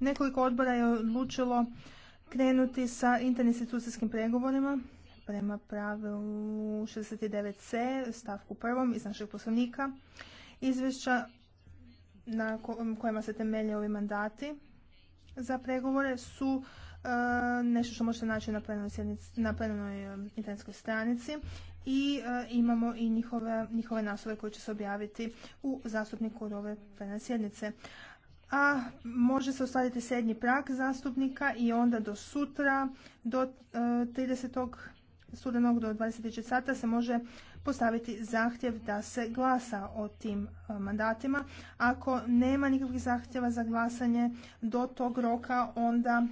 Nekoliko odbora je odlučilo krenuti sa interinstitucijskim pregovorima prema pravilu 69c stavku prvom iz našeg poslovnika izvješća na kojima se temelje ovi mandati za pregovore su e, nešto što možete naći na plenarnoj, e, internetskoj stranici i e, imamo i njihove, naslove koje će se objaviti u zastupniku od ove plenarne sjednice a može se ostaviti sednji prag zastupnika i onda do sutra, do 30. E, studenog do 23. sata se može postaviti zahtjev da se glasa o tim e, mandatima. Ako nema nikakvih zahtjeva za glasanje do tog roka, onda